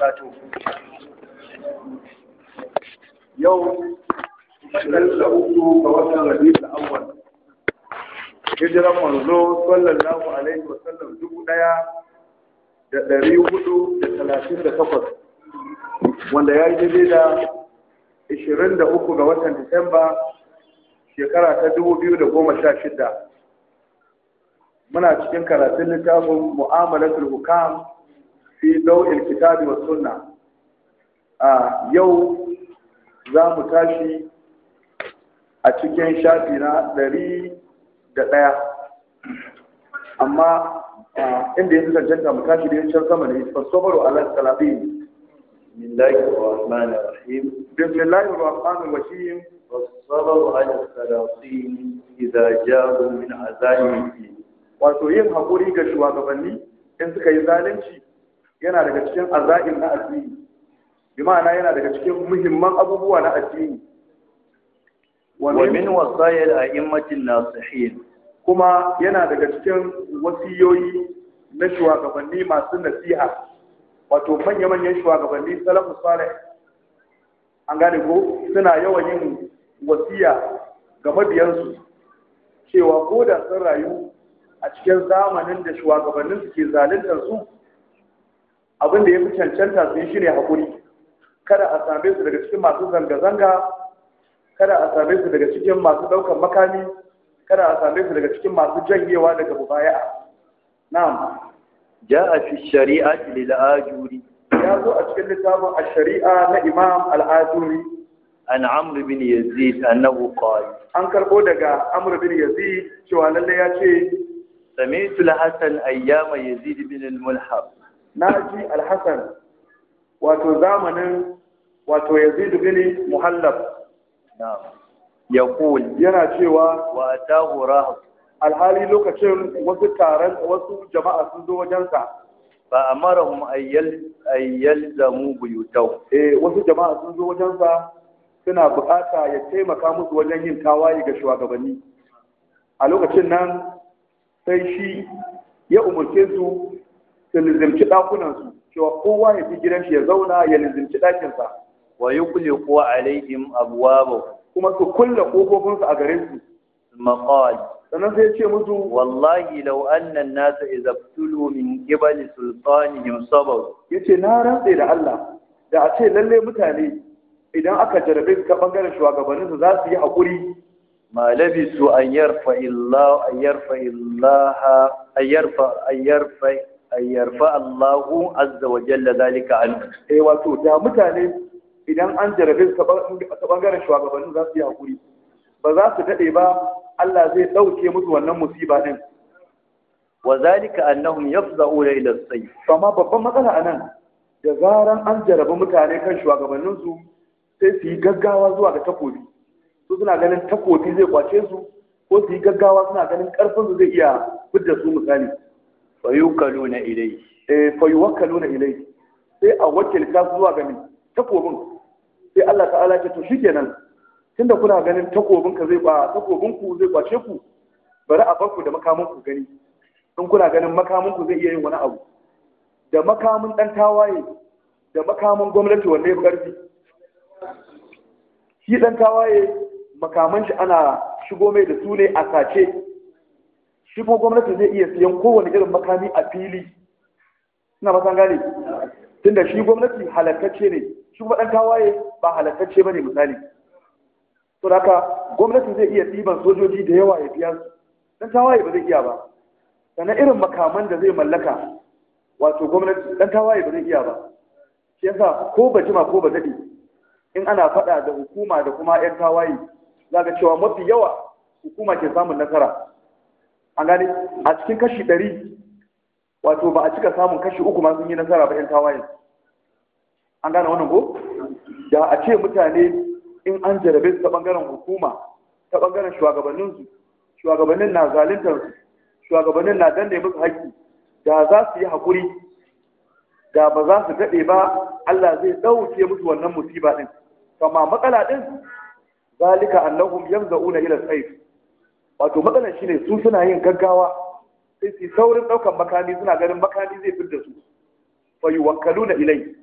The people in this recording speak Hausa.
وبركاته يوم الأول فوتن ربيع الأول hijiran manzo sallallahu alaihi wa sallam dubu daya da dari hudu da talatin da takwas wanda ya yi daidai da ishirin da uku ga watan disamba shekara ta dubu biyu da goma sha shida muna cikin karatun littafin mu'amalatul hukam fi nau'il kitabi wa sunna a yau za mu tashi a cikin shafi na ɗari da ɗaya amma inda ya fi cancanta mu tashi da yin can sama ne fasobaru ala salabi bismillahir rahmanir rahim fasobaru ala salabi idza jabu min azaimi wato yin hakuri ga shugabanni in suka yi zalunci yana daga cikin aza'il na addini bi ma'ana yana daga cikin muhimman abubuwa na addini wa min al a'immatin nasihin kuma yana daga cikin wasiyoyi na shugabanni masu nasiha wato manya-manyan shugabanni salafus salih an gane ko suna yawan yin wasiya ga mabiyansu cewa ko da sun rayu a cikin zamanin da su ke zaluntar su abin da ya fi cancanta sun ne haƙuri kada a same su daga cikin masu zanga-zanga kada a same su daga cikin masu ɗaukar makami kada a same su daga cikin masu janyewa daga mubaya'a na'am a fi shari'a lil ajuri ya zo a cikin littafin a sharia na imam al-ajuri an amr bin yazid annahu qala an karbo daga amr bin yazid cewa lalle ya ce sami'tu al-hasan ayyama yazid bin al-mulhab naji alhassan wato zamanin wato yazid bin muhallab ya kul yana cewa wa atahu alhali lokacin wasu taron wasu jama'a sun zo wajensa fa amarahum ayyal zamu buyutau eh wasu jama'a sun zo wajensa suna bukata ya taimaka musu wajen yin tawaye ga shugabanni a lokacin nan sai shi ya umarce su su lizimci ɗakunansu cewa kowa ya fi gidan shi ya zauna ya lizimci ɗakinsa wa yukli kuwa alaihim abwabu kuma su kulle kofofinsu a gare su Maƙali. sannan sai ya ce musu wallahi law anna an-nasa izabtulu min qibali sultanihim Ya ce na rantse da Allah da a ce lalle mutane idan aka jarabe su ta bangaren shugabannin su za su yi hakuri ma labisu an yarfa illa an yarfa illaha an yarfa an yarfa yarfa Allahu azza wa jalla zalika an eh wato da mutane idan an jarabe su ta bangaren shugabannin za su yi hakuri ba za su dade ba Allah zai dauke musu wannan musiba din wa zalika annahum yafza'u ila sayf amma babban matsala anan da zaran an jarabi mutane kan shugabannin su sai su yi gaggawa zuwa ga takobi su suna ganin takobi zai kwace su ko su yi gaggawa suna ganin karfin su zai iya fidda su misali fayukaluna ilai eh fayukaluna ilai sai a wakilta zuwa ga ni takobin sai Allah ta'ala ce to shikenan tunda kuna ganin takobin ka zai ba takobin ku zai kwace ku bari a barku da makamin ku gani in kuna ganin makamin ku zai iya yin wani abu da makamin dan tawaye da makamin gwamnati wanda ya fi karfi shi dan tawaye makaman shi ana shigo mai da su ne a sace shi ko gwamnati zai iya siyan kowane irin makami a fili suna ba gane tunda shi gwamnati halakacce ne shi kuma ɗan tawaye ba halakacce ba ne misali to da haka gwamnati zai iya ɗiban sojoji da yawa ya biya ɗan tawaye ba zai iya ba sannan irin makaman da zai mallaka wato gwamnati ɗan tawaye ba zai iya ba shi yasa ko ba jima ko ba daɗe in ana faɗa da hukuma da kuma 'yan tawaye za ka cewa mafi yawa hukuma ke samun nasara an gane a cikin kashi ɗari wato ba a cika samun kashi uku ma sun yi nasara ba 'yan tawaye an gane wannan ko da a ce mutane in an jarabe su ta ɓangaren hukuma ta ɓangaren shugabanninsu shugabannin na zaluntar shugabannin na danne musu haƙƙi da za su yi haƙuri da ba za su daɗe ba Allah zai ɗauke musu wannan musiba ɗin kama matsala ɗin zalika annahum una ila sayf wato matsalar ne su suna yin gaggawa sai su saurin ɗaukar makami suna ganin makami zai fi da su fayuwan kaluna ilai